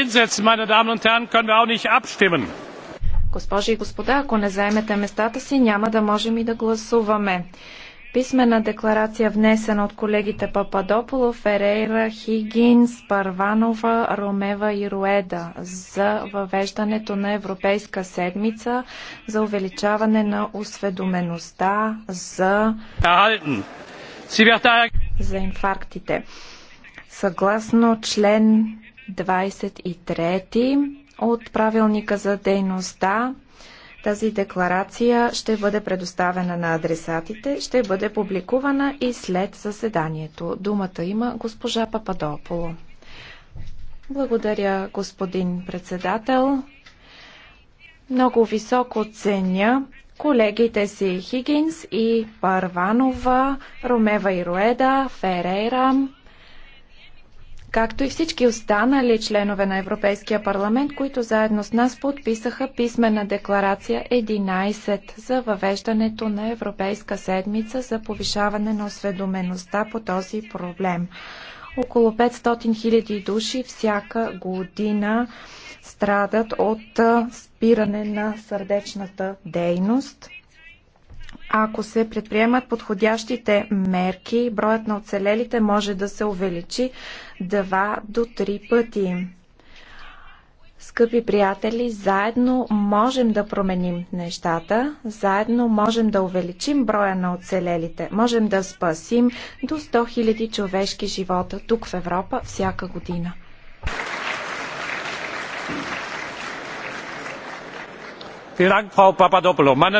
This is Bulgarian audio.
hinsetzen, meine Damen und Herren, können wir auch nicht abstimmen. Госпожи и господа, ако не заемете местата си, няма да можем и да гласуваме. Писмена декларация внесена от колегите Пападополо, Ферейра, Хигинс, Парванова, Ромева и Руеда за въвеждането на Европейска седмица за увеличаване на осведомеността за... за инфарктите. Съгласно член 23 от правилника за дейността. Тази декларация ще бъде предоставена на адресатите, ще бъде публикувана и след заседанието. Думата има госпожа Пападополо. Благодаря, господин председател. Много високо ценя колегите си Хигинс и Парванова, Ромева и Руеда, Ферейра, както и всички останали членове на Европейския парламент, които заедно с нас подписаха писмена декларация 11 за въвеждането на Европейска седмица за повишаване на осведомеността по този проблем. Около 500 000 души всяка година страдат от спиране на сърдечната дейност. Ако се предприемат подходящите мерки, броят на оцелелите може да се увеличи 2 до 3 пъти. Скъпи приятели, заедно можем да променим нещата, заедно можем да увеличим броя на оцелелите, можем да спасим до 100 000 човешки живота тук в Европа всяка година. Благодаря, папа Frau